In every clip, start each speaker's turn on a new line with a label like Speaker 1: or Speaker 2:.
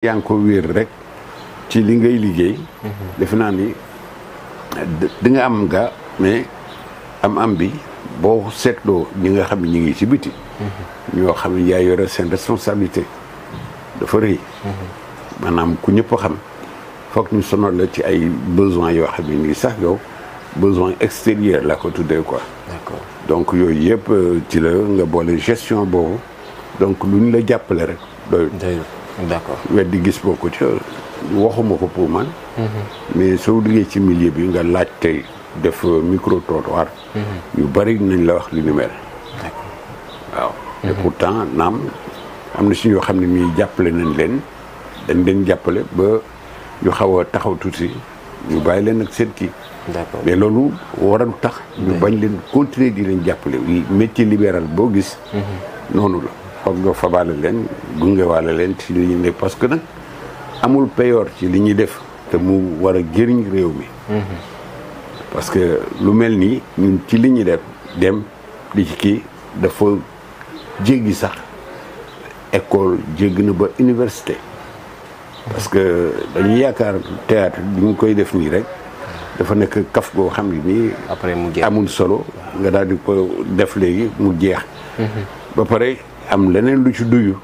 Speaker 1: yaa ngi ko wéer rek ci li ngay liggéey mhm. defe naa ni di nga am nga mais am am bi boo seetloo ñi nga xam ne ñi ngi ci biti
Speaker 2: mhm.
Speaker 1: ñoo xam ne yaa yore seen responsabilité dafa rëy mhm. maanaam ku ñëpp xam foog ñu sonal la ci ay besoin yoo xam ne nii sax yow besoin extérieur la ko tuddee quoi d'accord donc yooyu yëpp euh, ci la nga boole gestion boobu donc lu ñu la jàppale rek doyul d'accord weddi gis bokku ci waxuma ko pour man mhm. mais soo duggee ci millier bi nga laaj tey def micro trottoir mhm. yu bari nañ la wax li ni mel waaw mhm. te pourtant naam am na si ñoo xam ne ñuy jàppale nañ leen dañ leen jàppale ba ñu xaw a taxaw tuuti ñu bàyyi leen ak seen kii d'accord mais loolu waral tax ñu bañ leen continuer di leen jàppale métier libéral boo gis noonu la foog nga fabaale leen gungewaale leen ci li ñuy def parce que nag amul payoor ci li ñuy def te mu war a jëriñ réew mi parce que lu mel nii ñun ci li ñuy def dem di ci kii dafa jéggi sax école jéggi na ba université parce que dañuy yaakaar théâtre bi ñu koy def nii rek dafa nekk kaf goo xam ne nii après mu jeex amul solo nga daal di ko def léegi mu jeex mhm. ba pare am leneen lu ci duyu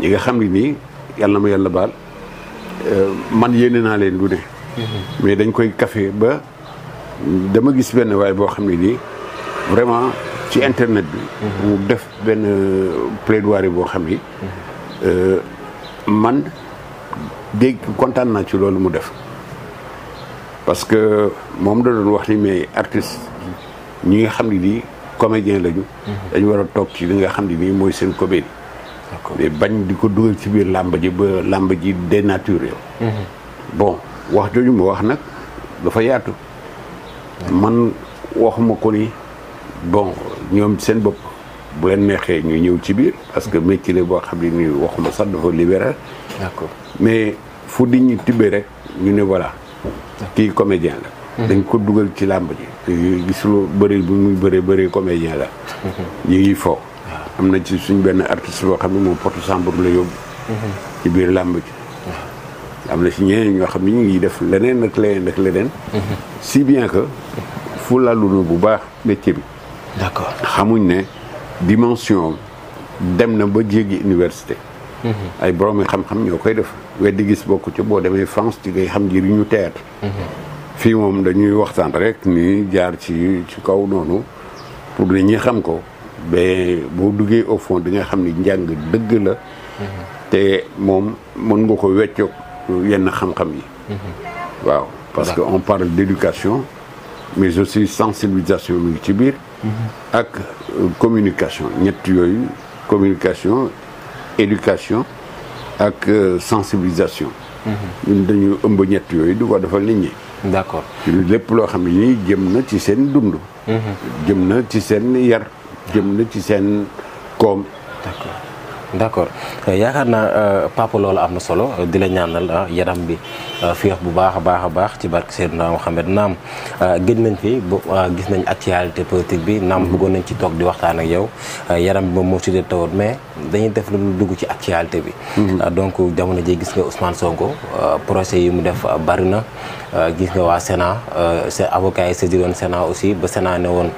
Speaker 1: ñi nga xam ne nii yàlla mu ma yàlla baal euh, man yéene naa leen lu ne mm-hmm. mais dañ koy café ba dama gis benn waaye boo xam ne nii vraiment ci internet bi mm-hmm. mu def benn plaidoirie boo xam ni mm-hmm. euh, man dégg kontaan naa ci loolu mu def parce que moom da doon wax ni mais artiste ñi nga xam nii comédien lañu. Mhm. dañ war a toog ci li nga xam ne nii mooy seen comédie. mais bañ di ko dugal ci biir làmb ji ba làmb ji dénaturé. Mhm. bon wax jooju mu wax nag dafa yaatu. man waxuma ko ni bon ñoom seen bopp bu leen neexee ñu ñëw ci biir parce que mhm. métier la boo xam ni nii waxuma sax dafa libéral. d'accord mais fu di ñu tibbee rek ñu ne voilà. tii comédien la. dañ ko dugal ci làmb ji. gisuloo bëri bu muy bëree bëree comédien la. Mhm. ñu ngi fo. Ah. am na ci suñ benn artiste boo xam ne moom porte chambre la yóbbu. Mhm. ci biir làmb ji.
Speaker 2: Ah.
Speaker 1: am na ci ñeneen ñoo xam ne ñu ngi def leneen ak leneen ak leneen. Mhm. si bien que. fu laalul bu baax métier bi. d'accord xamuñ ne dimensiyon dem na ba jéggi université. ay borom yi xam-xam ñoo koy def weddi gis bokku ci boo demee France ci ngay xam njëriñu théâtre fii moom dañuy waxtaan rek ni jaar ci ci kaw noonu pour nit ñi xam ko mais boo duggee au fond di nga xam ni njàng dëgg la mm-hmm. te moom mën nga ko weccoog yenn xam-xam yi
Speaker 2: mm-hmm.
Speaker 1: waaw parce que on parle d'éducation mais aussi sensibilisation mi ngi ci biir mm-hmm. ak communication ñett yooyu communication éducation ak euh, sensibilisation
Speaker 2: ñun
Speaker 1: dañu ëmb ñett yooyu di ko defal nit d'accord lépp loo xam ne nii jëm na ci seen dund. Mhm. jëm na ci seen yar jëm na ci seen
Speaker 3: koom. d' accord yaakaar na euh, papa loolu am na solo di la ñaanal euh, yaram bi euh, féex bu baax a baax a baax ci barke Seydina Mohamed naam gëj nañ fi gis nañ actualité politique bi naam mhm. buggoon nañ ci toog di waxtaan ak yow yaram bi moom moo si dee tawoon mais dañuy def lu dugg ci actualité bi. Mhm. donc jamono ji gis nga Ousmane Sonko procès yi mu def bari na gis nga waa Sénat seen avocats yi saisir woon Sénat aussi ba Sénat ne woon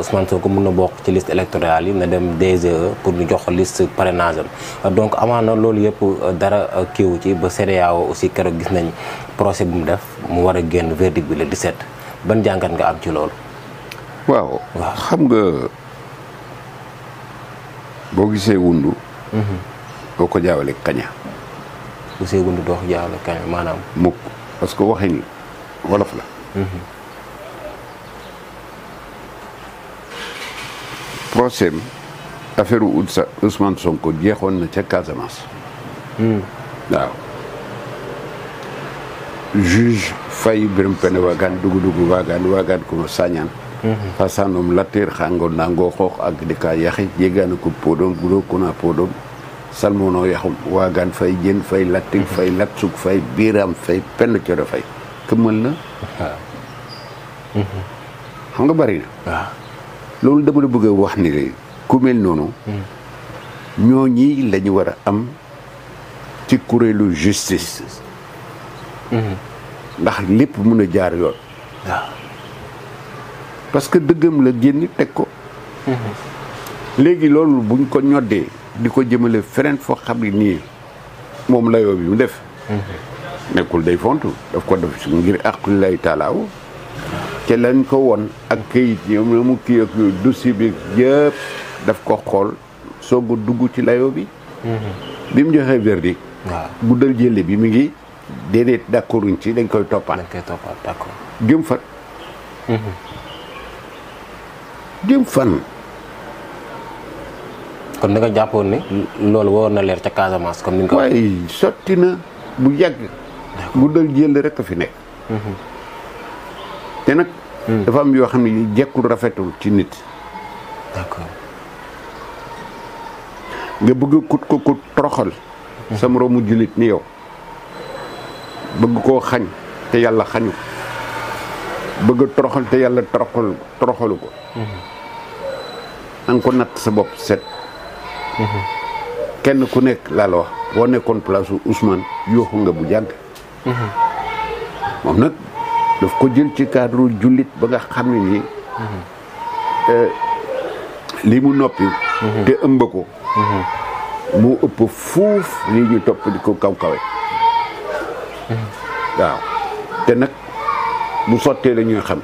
Speaker 3: Ousmane Sonko mun na bokk ci liste électorale yi na dem DGE pour ñu jox liste parrainage. parrainage am donc amaana loolu yëpp euh, dara euh, kiiwu ci ba CEDEAO aussi keroog gis nañ procès bu mu def mu war a génn verdict bi le 17 ban jàngat nga am ci loolu. waaw xam nga
Speaker 1: boo gisee wundu. boo mhm. ko jaawale kaña. gisee
Speaker 3: wundu doo ko jaawale kaña maanaam.
Speaker 1: mukk parce que waxin wolof la. Mhm. affaire u Ousmane Sonko jeexoon na ca Casamance. Hmm. waaw. juge Faye Birame Pene waagaan dugu dugu waagaan waagaan kuma sañaan. Hmm. fasaanum latir xaango nango xoox ak di ka yaxi jegaana ko podom gudo kuna podom salmono yaxum waagaan fay jën fay latir hmm. fay latsuk fay biram fay penn coro fay këmal na xam nga bari na loolu dama la bëgg a wax ni léegi ku mel noonu ñooñi la ñu war a am ci kuréelu justice ndax lépp mën a jaar yoon waaw parce que dëggam la génn teg ko léegi loolu buñ ko ñoddee di ko jëmale feneen foo xam ne nii moom layoo bi mu def nekkul day font daf ko def ngir aqulilay taalaaw te lañ ko won ak kayit ñoom na kii ak yooyu dossier bi yëpp daf ko xool soog a dugg ci layo bi.
Speaker 2: Mm-hmm.
Speaker 1: bi mu joxee verdict. waaw guddal jële bi mi ngi déedéet d'accorduñ ci dañ koy toppaat. dañ
Speaker 2: koy toppaat d'accord. jëm fan. Mm-hmm.
Speaker 3: jëm fan. kon danga jàppoon ne. loolu woor na leer ca Casamance comme ni nga ko. waaye sotti na bu yàgg. guddal jële rek a fi nekk. Mm-hmm. te nag.
Speaker 1: Mm. dafa am yoo xam ne jekkul rafetul ci nit. d'accord. nga bëgg kut ko kut toroxal sa moroomu jullit ni yow bëgg koo xañ te yàlla xañu bëgg toroxal te yàlla toroxal toroxalu ko nanga ko natt sa bopp set kenn ku nekk laa wax boo nekkoon place Ousmane yooxu nga bu jàgg moom nag daf ko jël ci cadre jullit ba nga xam ne nii eh, li mu noppi te ëmb ko mu ëpp fuuf lii ñu topp di ko kaw kawe waaw te nag bu sottee la ñuy xam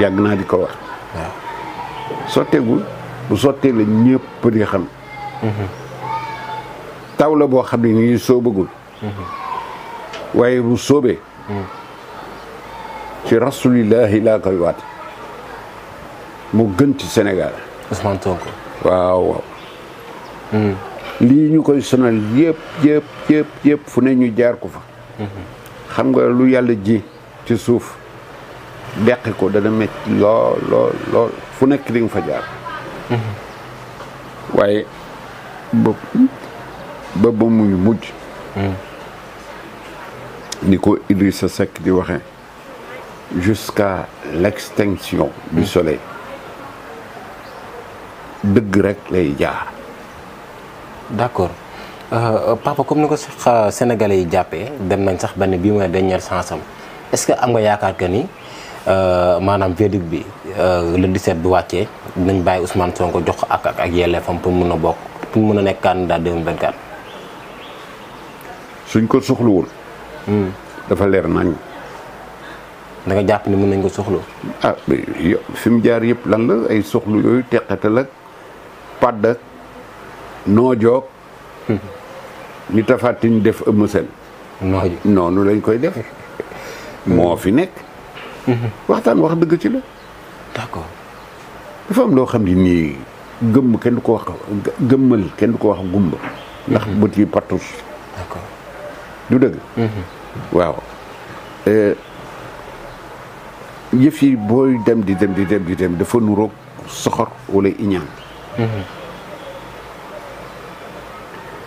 Speaker 1: yàgg naa di ko wax sotteegul bu sottee la ñëpp di xam taw la boo xam ne nii soobagul waaye bu soobee ci rasulillahi laa koy waat mu gën ci Sénégal Ousmane Sonko waaw Mm-hmm. lii ñu koy sonal yëpp yëpp yëpp fu ne ñu jaar ko fa mm-hmm. xam nga lu yàlla ji ci suuf deqi ko dana metti lool lool lool fu nekk di fa jaar mm-hmm. waaye ba ba muy mujj ni ko sa Seck di waxe jusqu'à l'extinction du soleil dëgg rekk lay jaar
Speaker 3: d'accord euh, papa comme ni ko euh, Sénégalais yi jàppee dem nañ sax benn bii mooy dernière chance am est-ce que am nga yaakaar que ni euh, maanaam verdict bi euh, le 17 bu wàccee dinañ bàyyi Ousmane Sonko jox ko ak ak ak yelleefam pour mun a bokk pour mun a nekk candidat 2024. suñ ko soxluwul. Hmm. dafa leer nañ. da nga jàpp ni mën nañ ko soxlu.
Speaker 1: ah jaar yëpp lan ay soxlu yooyu teqatal ak pàdd ak noo ñu ni tafatin def ëmm seen noonu lañ koy def hmm. moo fi nekk hmm. waxtaan wax dëgg ci la d'accord dafa am loo xam ni nii gëmm kenn du ko wax gëmmal kenn du ko wax gumba ndax hmm. bët yi patus d'accord du dëgg waaw eh, yëf yi booy dem di dem di dem di dem dafa nurook soxor wala iñaan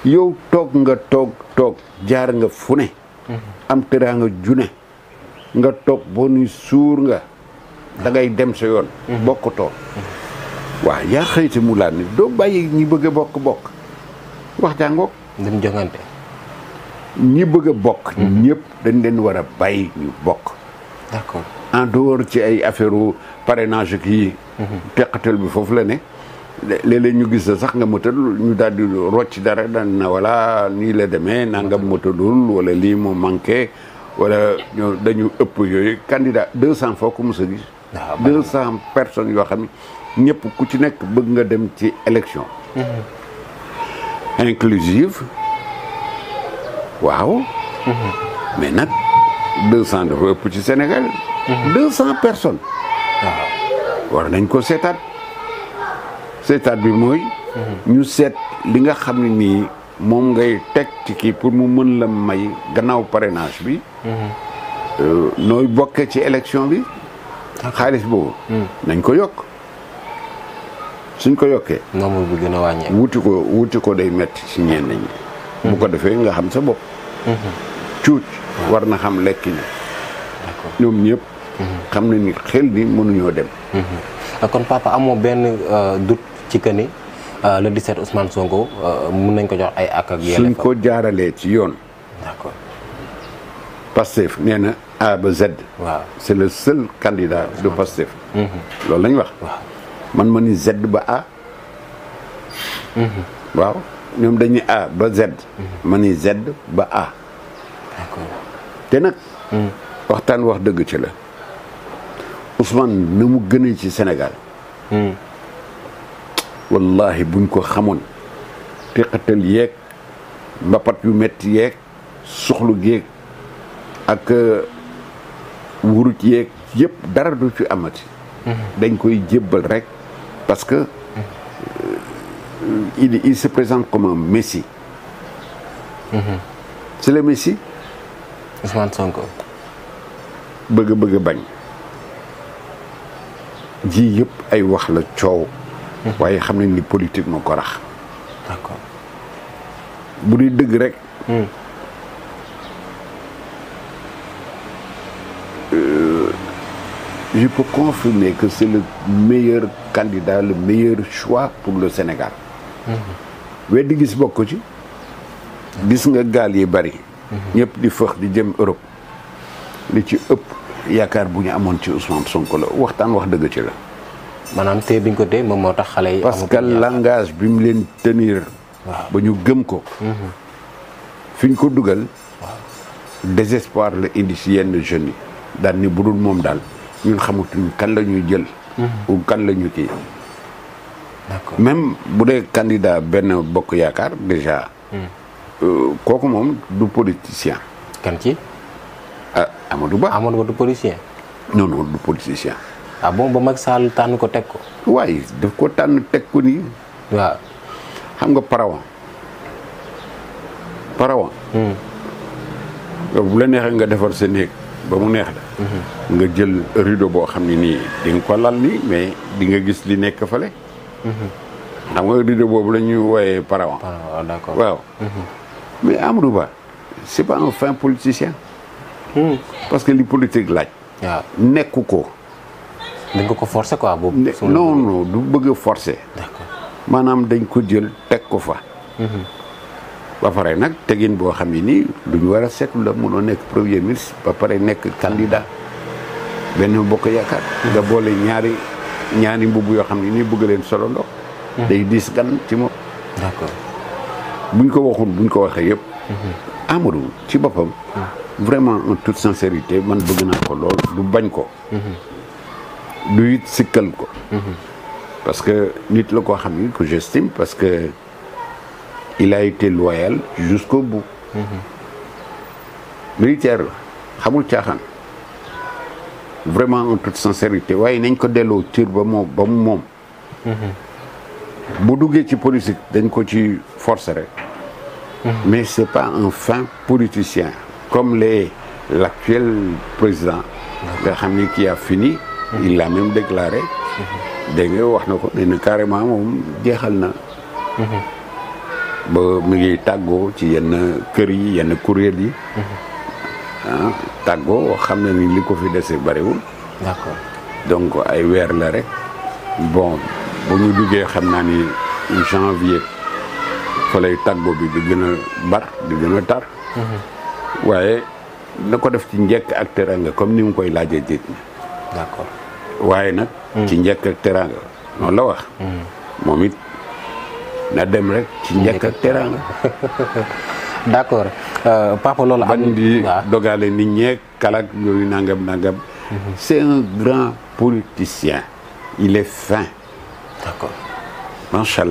Speaker 1: yow toog nga toog toog jaar nga fu ne mhm. am teraanga june nga toog boo ni suur nga dangay dem sa yoon mhm. bokkutoo waa yaa xëyti mu laan ni doo bàyyi ñi bëgg a bokk bokk wax jàngoog dem jongante ñi bëgg a bokk mhm. ñëpp dañ leen war a bàyyi ñu bokk d'accord en ci ay affaire u parrainage yi teqatal bi foofu la ne léeg-léeg ñu gis la sax nga motal ñu daal di rocc dara daan na voilà nii la demee nangam motalul walla lii moom manqué wala ñoo dañu ëpp yooyu candidat deux cent foo ko mos a gis ah, deux personnes yoo xam ne ñëpp ku ci nekk bëgg nga dem ci élection
Speaker 2: mm-hmm.
Speaker 1: inclusive waaw mm-hmm. mais nag deux cent dafa ëpp ci Sénégal mm-hmm. deux cent personnes waaw ah. war nañ ko seetaat seetaat bi mooy. ñu seet li nga xam ne nii moom ngay teg ci kii pour mu mën la may gannaaw parrainage bi. Euh, nooy bokkee ci élection bi. xaalis boobu. Hmm. nañ ko yokk suñ ko yokkee. nombre bi gën wuti ko wuti ko day metti ci ñenn ñi. Hmm. bu ko defee nga xam sa bopp. Hmm. cuuc war na xam lekk ñi. ñoom ñëpp. xam na ni xel ni
Speaker 3: mënuñoo dem. Ah, kon papa amoo benn euh, doute. ci que ni euh, le 17 Ousmane Sonko euh, mun nañ ko jox ay ak ak yelleef. suñ ko jaaralee ci yoon. d'accord.
Speaker 1: Pastef nee na A ba Z. waaw c'est le seul candidat de Pastef. Mhm. loolu lañu wax. man mani ni Z ba A. Mhm. dañuy ba Z. Mhm. ma ni ba A. te nag. waxtaan wax dëgg ci la Ousmane na mu gënee ci senegal wallahi buñ ko xamoon teqatal yeeg mbapat yu metti yeeg soxlu géeg ak euh, wurut yeeg yëpp dara du fi amati mhm. dañ koy jébbal rekk parce que euh, il il se présente comme un messie mhm. c'est le messie Ousmane Sonko bëgg bëgg bañ ji yëpp ay wax la coow waaye xam nañ ni politique moo ko rax. bu dee dëgg rek. Hmm. Euh, je peux confirmer que c'est le meilleur candidat le meilleur choix pour le Sénégal. Hmm. weddi gis bokk ci. gis nga gaal yi bari. Hmm. ñëpp di fëx di jëm Europe. li ci ëpp yaakaar bu ñu amoon ci Ousmane Sonko la waxtaan wax dëgg ci la. maanaam téye bi ñu ko téye moom moo tax xale yi. parce que langage bi mu leen tenir. waaw ba ñu gëm ko. Mhm. fi ñu ko dugal. désespoir la indi si yenn jeunes yi daal ni budul moom daal ñun xamatuñ kan la ñuy jël. Mhm. ou kan la ñu kii. même bu dee candidat benn bokk yaakaar déjà. Mhm. Euh, kooku moom du politicien.
Speaker 3: kan ci. ah Amadou Ba Amadou Ba du politicien. non non du politicien. ah bon ba Macky Sall tànn ko teg ko. waaye daf ko tànn teg ko nii. nga parawan. parawan.
Speaker 1: Hmm. bu la neexee nga defar sa néeg ba mu neex la. Hmm. nga jël rido boo xam ne nii di nga ko lal nii mais di nga gis li nekk fale. Hmm. xam nga rideau boobu la ñuy wooyee parawan. parawan ah, d'accord waaw. mais Amadou Ba c'est pas un fin politicien. parce que li politique laaj. waaw ah. nekku ko. dañ ko ko forcer quoi boobu. non non du bëgg a maanaam dañ ko jël teg ko fa. Mhm. ba pare nag tegin boo xam ne nii lu war a seetlu la mënoo nekk premier ministre ba pare nekk candidat benn bokk yaakaar. Mhm. nga boole ñaari ñaari mbubb yoo xam ne nii bëgg leen solo ndox. Mhm. day diis gan ci moom. buñ ko waxoon buñ ko waxee yëpp. Amadou ci boppam. vraiment en toute sincérité man bëgg naa ko lool du bañ ko. du it sikkal ko parce que nit la koo xam ni que j'estime parce que il a été loyal jusqu'au bout militaire la xamul caaxaan vraiment en toute sincérité waaye nañ ko delloo cër ba moom mu moom bu duggee ci politique dañ ko ci forcer rek mais c'est pas un fin politicien comme l'est l'actuel président nga xam ni qui a fini il l'a même déclaré. wax na ko nee carrément moom jeexal na. ba mu ngi tàggoo ci yenn kër yi yenn kuréel yi. ah tàggoo xam na ni li ko fi dese bariwul. d'accord ay weer la rek. bon bu ñu duggee xam naa ni janvier fa tàggoo bi di gën a bar di tar. Mhm. waaye na ko def ci njekk ak teranga comme ni mu koy laajee jiit ñi. waaye nag. ci mm. njëkk ak teraanga noonu la wax. Mm. moom it na dem rek. ci njëkk ak
Speaker 3: teraanga. d' accord euh, papa loolu. di
Speaker 1: dogale nit ñee kalak yooyu nangam nangam. Mm-hmm. c' est un grand politicien. il est fin. Mm-hmm.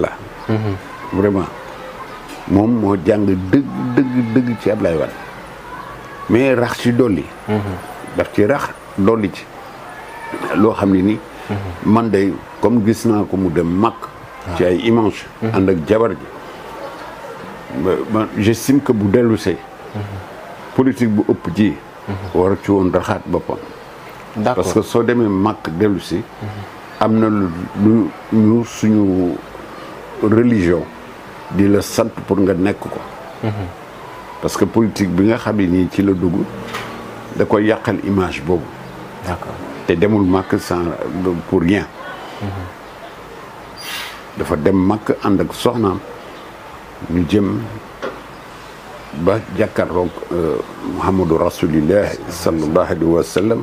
Speaker 1: moom moo jàng dëgg dëgg dëgg ci Ablaye Wade mais rax ci dolli. Mm-hmm. daf ci rax dolli ci. loo xam ne ni man day comme gis naa ko mu dem màkk ci ay image ànd ak jabar ji j'estime que bu dellusee politique bu ëpp ji war ci woon raxaat boppam parce que soo demee màkk dellusi am na lu ñu suñu religion di la sant pour nga nekk ko parce que politique bi nga xam ne nii ci la dugg da koy yàqal image boobu te demul màkk sans pour rien dafa dem makk ànd ak soxnaam ñu jëm ba jàkkaarloog euh, Muhammadu rasulillah sallallahu alayhi wa sallam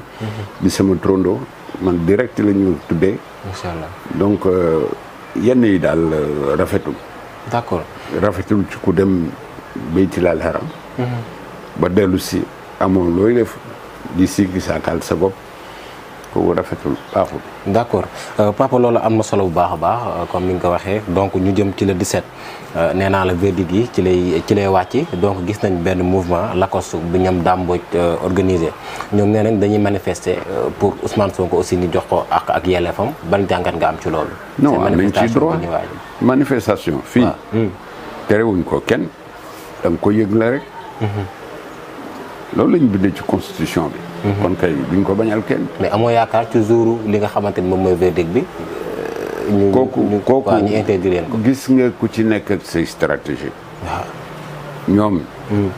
Speaker 1: sama trondo man direct la ñu tuddee macha allah donc euh, yenn yi daal euh, rafetul d'accord rafetul ci ku dem baytilal haram mhm. ba dellu si
Speaker 3: amoon looy def di siggi saakaal sa bopp kooku rafetul baaxul. d' accord euh, papa loolu am na solo bu baax a baax euh, comme ni nga ko waxee donc ñu jëm ci la 17 euh, nee naa la verdict yi ci lay ci lay wàcc donc gis nañ benn mouvement lacoste bu ñam dàmbooj organisé ñoom nee nañ dañuy manifester pour soo ko aussi ni jox ko ak ak yelleefam ban jàngat nga am ci loolu.
Speaker 1: non am nañ ci droit manifestation fii. Ah. terewuñ ko kenn da nga ko yëg rek.
Speaker 2: Mhm.
Speaker 3: loolu la ñu bindee ci constitution bi. Mhm. kon kay duñ ko bañal kenn. mais amoo yaakaar ci li nga xamante ni moom mooy verdict bi. Euh, ñu kooku kooku ko. gis nga ko ci nekk
Speaker 1: ak say stratégie. ñoom. Mm.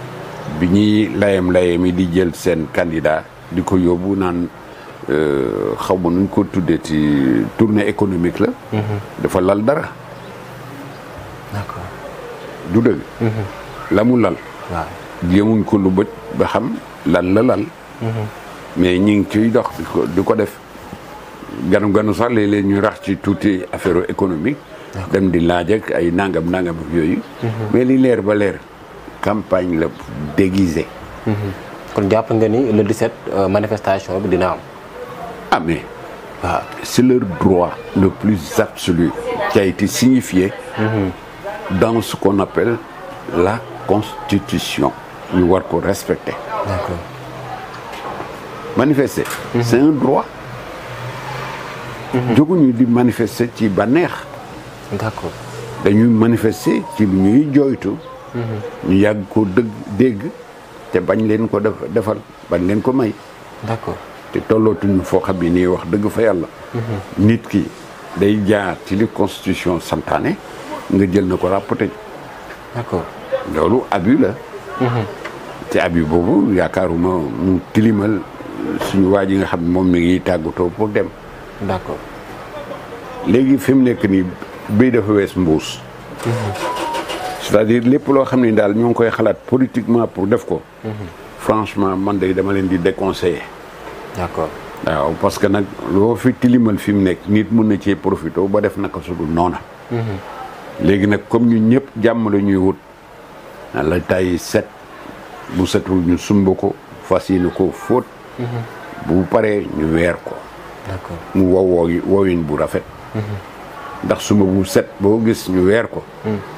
Speaker 1: bi ñuy layam layam yi di jël seen candidat di ko yóbbu naan euh, xaw ma nuñ ko tuddee ci tournée économique la. Mhm. dafa lal dara. d'accord du dëgg. Mhm. la lal jéemuñ ko lu bët ba xam lan la lal mhm. mais ñi ngi ciy dox di ko def ganu ganu sax léeg ñu rax ci tuuti affaire économique dem di laaj ak ay nangam nangam
Speaker 3: ak yooyu mhm. mais li leer ba leer campagne la déguisée mhm. kon jàpp nga ni le 17 euh, manifestation bi dina am ah waaw
Speaker 1: c'est leur droit le plus absolu
Speaker 3: qui a été signifié
Speaker 1: dans ce qu'on appelle la constitution ñu war ko respecter. d'accord manifester. droit. Mhm. jóguñu di manifester ci bànneex. d'accord dañuy manifester ci lu ñuy jooytu. Mhm. ñu yàgg ko dëgg dégg te bañ leen ko defal bañ leen ko may. d'accord te tollootuñu foo xam ne nii wax dëgg fa yàlla. Mhm. nit ki day jaar ci li constitution santaane nga jël na ko rapporté. d'accord loolu abus la. te ab yi boobu yaakaaruma mu tilimal suñu waa ji nga xam moom mi ngi tàggatoo pour dem. d'accord léegi fi mu nekk nii bii def wees mbuus. Mhm. c'est-à-dire lépp loo xam ne daal ñoo ngi koy xalaat politiquement pour def ko. Mhm. franchement man de dama leen di déconseiller. d'accord waaw parce que nag loo fi tilimal fi mu nekk nit mun na cee profité ba def naka su dul noona.
Speaker 2: Mhm.
Speaker 1: léegi nag comme ñun ñëpp jàmm ñuy wut. la tay set bu setul ñu sumb ko fas yéene ko fóot mhm. bu paree ñu weer ko mu wow
Speaker 2: woowu bu rafet mhm. ndax sumb bu set boo gis ñu weer ko mhm.